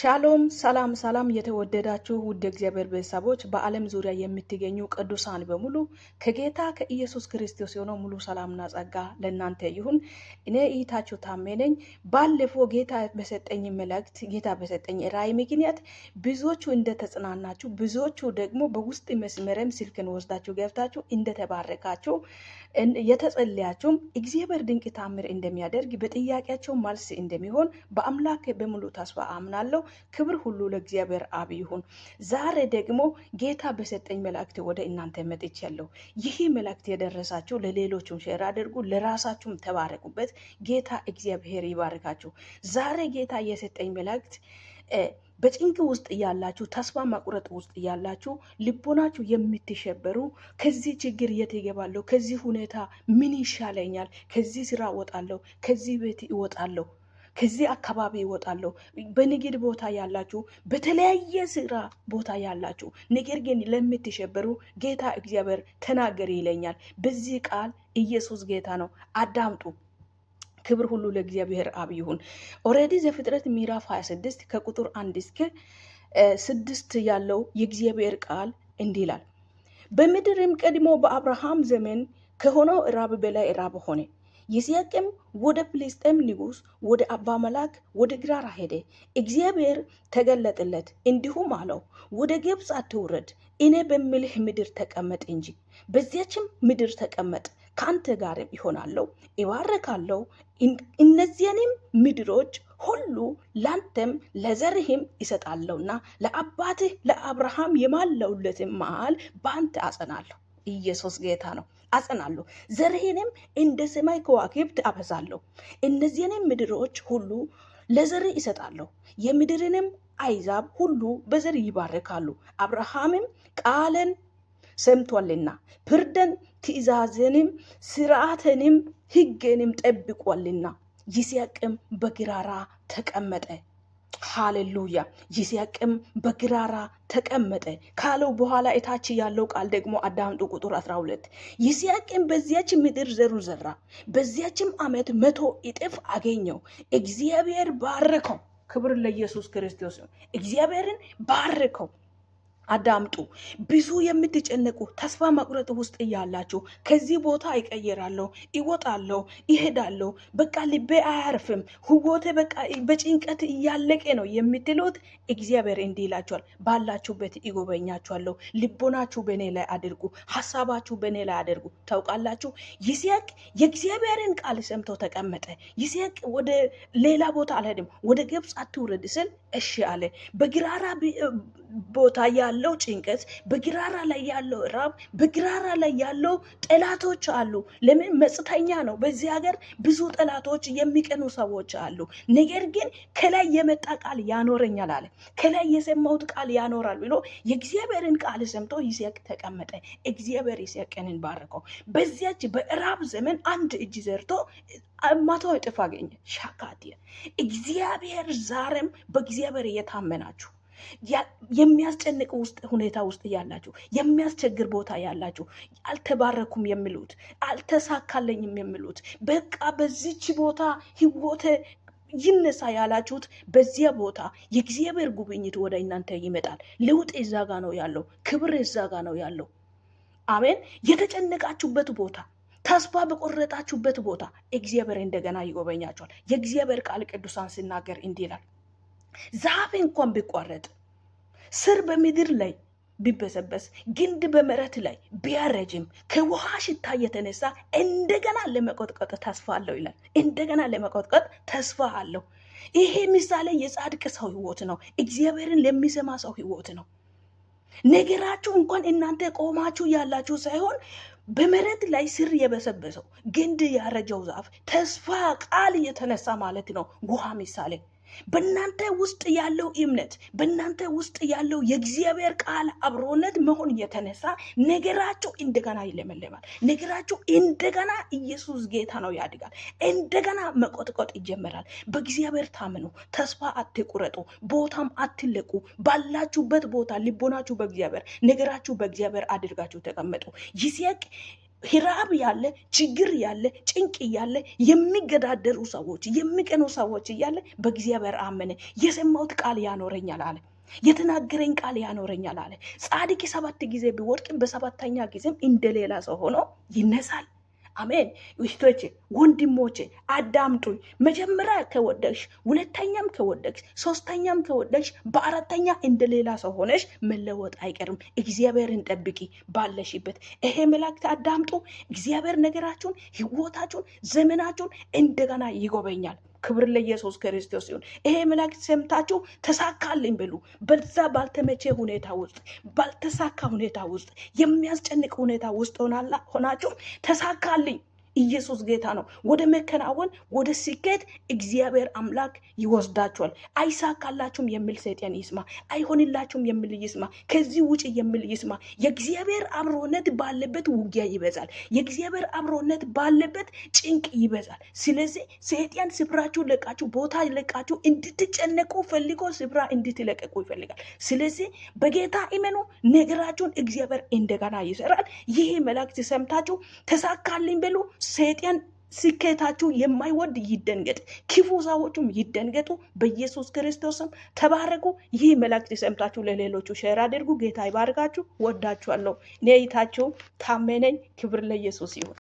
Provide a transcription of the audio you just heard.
ሻሎም ሰላም ሰላም የተወደዳችሁ ውድ እግዚአብሔር ቤተሰቦች በዓለም ዙሪያ የምትገኙ ቅዱሳን በሙሉ ከጌታ ከኢየሱስ ክርስቶስ የሆነው ሙሉ ሰላምና ጸጋ ለእናንተ ይሁን። እኔ እይታችሁ ታሜ ነኝ። ባለፈው ጌታ በሰጠኝ መልእክት ጌታ በሰጠኝ ራእይ ምክንያት ብዙዎቹ እንደተጽናናችሁ፣ ብዙዎቹ ደግሞ በውስጥ መስመረም ስልክን ወስዳችሁ ገብታችሁ እንደተባረካችሁ የተጸለያቸውም እግዚአብሔር ድንቅ ታምር እንደሚያደርግ በጥያቄያቸው መልስ እንደሚሆን በአምላክ በሙሉ ተስፋ አምናለሁ። ክብር ሁሉ ለእግዚአብሔር አብ ይሁን። ዛሬ ደግሞ ጌታ በሰጠኝ መልእክት ወደ እናንተ መጥቻለሁ። ይህ መልእክት የደረሳችሁ ለሌሎችም ሼር አድርጉ፣ ለራሳችሁም ተባረኩበት። ጌታ እግዚአብሔር ይባርካችሁ። ዛሬ ጌታ የሰጠኝ መልእክት በጭንቅ ውስጥ እያላችሁ ተስፋ መቁረጥ ውስጥ እያላችሁ ልቦናችሁ የምትሸበሩ ከዚህ ችግር የት ይገባለሁ፣ ከዚህ ሁኔታ ምን ይሻለኛል፣ ከዚህ ስራ እወጣለሁ፣ ከዚህ ቤት እወጣለሁ፣ ከዚህ አካባቢ ይወጣለሁ። በንግድ ቦታ ያላችሁ፣ በተለያየ ስራ ቦታ ያላችሁ፣ ነገር ግን ለምትሸበሩ ጌታ እግዚአብሔር ተናገር ይለኛል። በዚህ ቃል ኢየሱስ ጌታ ነው። አዳምጡ። ክብር ሁሉ ለእግዚአብሔር አብ ይሁን። ኦልሬዲ ዘፍጥረት ምዕራፍ 26 ከቁጥር አንድ እስከ ስድስት ያለው የእግዚአብሔር ቃል እንዲህ ይላል፣ በምድርም ቀድሞ በአብርሃም ዘመን ከሆነው ራብ በላይ ራብ ሆነ። ይስሐቅም ወደ ፍልስጤም ንጉስ ወደ አባ መላክ ወደ ግራራ ሄደ። እግዚአብሔር ተገለጠለት እንዲሁም አለው፣ ወደ ግብፅ አትውረድ፣ እኔ በምልህ ምድር ተቀመጥ እንጂ። በዚያችም ምድር ተቀመጥ፣ ከአንተ ጋርም ይሆናለሁ፣ ይባረካለሁ። እነዚያንም ምድሮች ሁሉ ላንተም ለዘርህም ይሰጣለሁና ለአባትህ ለአብርሃም የማለውለትን መዓል በአንተ አጸናለሁ። ኢየሱስ ጌታ ነው። አጸናለሁ፣ ዘርህንም እንደ ሰማይ ከዋክብት አበዛለሁ። እነዚህንም ምድሮች ሁሉ ለዘርህ ይሰጣለሁ፣ የምድርንም አይዛብ ሁሉ በዘር ይባረካሉ። አብርሃምም ቃልን ሰምቷልና ፍርደን፣ ትእዛዝንም፣ ስርዓትንም፣ ህግንም ጠብቋልና። ይስሐቅም በግራራ ተቀመጠ። ሃሌሉያ ይስሐቅም በግራራ ተቀመጠ ካለው በኋላ እታች ያለው ቃል ደግሞ አዳምጡ። ቁጥር 12 ይስሐቅም በዚያች ምድር ዘሩ ዘራ፣ በዚያችም ዓመት መቶ እጥፍ አገኘው። እግዚአብሔር ባረከው። ክብር ለኢየሱስ ክርስቶስ ነው። እግዚአብሔርን ባረከው። አዳምጡ። ብዙ የምትጨነቁ ተስፋ መቁረጥ ውስጥ እያላችሁ ከዚህ ቦታ ይቀይራለሁ፣ ይወጣለሁ፣ ይሄዳለሁ፣ በቃ ልቤ አያርፍም፣ ህይወቴ በቃ በጭንቀት እያለቀ ነው የምትሉት እግዚአብሔር እንዲህ ይላችኋል፣ ባላችሁበት ይጎበኛችኋለሁ። ልቦናችሁ በእኔ ላይ አድርጉ፣ ሀሳባችሁ በእኔ ላይ አድርጉ። ታውቃላችሁ ይስሐቅ የእግዚአብሔርን ቃል ሰምቶ ተቀመጠ። ይስሐቅ ወደ ሌላ ቦታ አልሄድም፣ ወደ ግብፅ አትውረድ ስል እሺ አለ። በግራራ ቦታ ያለው ጭንቀት፣ በግራራ ላይ ያለው ራብ፣ በግራራ ላይ ያለው ጠላቶች አሉ። ለምን መጽተኛ ነው። በዚህ ሀገር ብዙ ጠላቶች የሚቀኑ ሰዎች አሉ። ነገር ግን ከላይ የመጣ ቃል ያኖረኛል አለ። ከላይ የሰማሁት ቃል ያኖራል ብሎ የእግዚአብሔርን ቃል ሰምቶ ይስቅ ተቀመጠ። እግዚአብሔር ይስቅንን ባረከው። በዚያች በራብ ዘመን አንድ እጅ ዘርቶ መቶ እጥፍ አገኘ። ሻካቴ እግዚአብሔር ዛሬም በእግዚአብሔር እየታመናችሁ የሚያስጨንቅ ውስጥ ሁኔታ ውስጥ ያላችሁ፣ የሚያስቸግር ቦታ ያላችሁ፣ አልተባረኩም የሚሉት አልተሳካለኝም የሚሉት በቃ በዚች ቦታ ህይወቴ ይነሳ ያላችሁት በዚያ ቦታ የእግዚአብሔር ጉብኝት ወደ እናንተ ይመጣል። ለውጥ እዛ ጋ ነው ያለው። ክብር እዛ ጋ ነው ያለው። አሜን። የተጨነቃችሁበት ቦታ ተስፋ በቆረጣችሁበት ቦታ እግዚአብሔር እንደገና ይጎበኛቸዋል። የእግዚአብሔር ቃል ቅዱሳን ሲናገር እንዲላል። ዛፍ እንኳን ቢቆረጥ ስር በምድር ላይ ቢበሰበስ ግንድ በመሬት ላይ ቢያረጅም ከውሃ ሽታ እየተነሳ እንደገና ለመቆጥቆጥ ተስፋ አለው ይላል። እንደገና ለመቆጥቆጥ ተስፋ አለው። ይሄ ምሳሌ የጻድቅ ሰው ህይወት ነው። እግዚአብሔርን ለሚሰማ ሰው ህይወት ነው። ነገራችሁ እንኳን እናንተ ቆማችሁ ያላችሁ ሳይሆን በመሬት ላይ ስር የበሰበሰው ግንድ ያረጀው ዛፍ ተስፋ ቃል እየተነሳ ማለት ነው። ውሃ ምሳሌ በእናንተ ውስጥ ያለው እምነት በእናንተ ውስጥ ያለው የእግዚአብሔር ቃል አብሮነት መሆን የተነሳ ነገራቸው እንደገና ይለመለማል። ነገራቸው እንደገና ኢየሱስ ጌታ ነው ያድጋል። እንደገና መቆጥቆጥ ይጀመራል። በእግዚአብሔር ታምኑ፣ ተስፋ አትቁረጡ፣ ቦታም አትለቁ። ባላችሁበት ቦታ ልቦናችሁ በእግዚአብሔር ነገራችሁ በእግዚአብሔር አድርጋችሁ ተቀመጡ። ይስሐቅ ሂራብ ያለ ችግር ያለ ጭንቅ ያለ የሚገዳደሩ ሰዎች የሚቀኑ ሰዎች እያለ በእግዚአብሔር አመነ። የሰማሁት ቃል ያኖረኛል አለ። የተናገረኝ ቃል ያኖረኛል አለ። ጻድቅ ሰባት ጊዜ ቢወድቅ በሰባተኛ ጊዜም እንደሌላ ሰው ሆኖ ይነሳል። አሜን። ውስቶቼ ወንድሞቼ አዳምጡኝ። መጀመሪያ ከወደቅሽ፣ ሁለተኛም ከወደቅሽ፣ ሶስተኛም ከወደቅሽ፣ በአራተኛ እንደሌላ ሰው ሆነሽ መለወጥ አይቀርም። እግዚአብሔርን ጠብቂ ባለሽበት። ይሄ መላእክት አዳምጡ። እግዚአብሔር ነገራችሁን፣ ህይወታችሁን፣ ዘመናችሁን እንደገና ይጎበኛል። ክብር ለኢየሱስ ክርስቶስ ይሁን። ይሄ መልእክት ሰምታችሁ ተሳካልኝ ብሉ። በዛ ባልተመቼ ሁኔታ ውስጥ ባልተሳካ ሁኔታ ውስጥ የሚያስጨንቅ ሁኔታ ውስጥ ሆናችሁ ተሳካልኝ ኢየሱስ ጌታ ነው። ወደ መከናወን ወደ ስኬት እግዚአብሔር አምላክ ይወስዳቸዋል። አይሳካላችሁም የሚል ሰይጣን ይስማ፣ አይሆንላችሁም የሚል ይስማ፣ ከዚህ ውጭ የሚል ይስማ። የእግዚአብሔር አብሮነት ባለበት ውጊያ ይበዛል። የእግዚአብሔር አብሮነት ባለበት ጭንቅ ይበዛል። ስለዚህ ሰይጣን ስፍራችሁ ለቃችሁ ቦታ ለቃችሁ እንድትጨነቁ ፈልጎ ስፍራ እንድትለቀቁ ይፈልጋል። ስለዚህ በጌታ እመኑ። ነገራችሁን እግዚአብሔር እንደገና ይሰራል። ይሄ መላእክት ሰምታችሁ ተሳካልኝ በሉ። ሰይጣን ስኬታችሁ የማይወድ ይደንገጥ፣ ክፉ ሰዎቹም ይደንገጡ። በኢየሱስ ክርስቶስም ተባረኩ። ይህ መልእክት ሰምታችሁ ለሌሎቹ ሼር አድርጉ። ጌታ ይባርካችሁ። ወዳችኋለሁ። እኔ ታመነኝ። ክብር ለኢየሱስ ይሁን።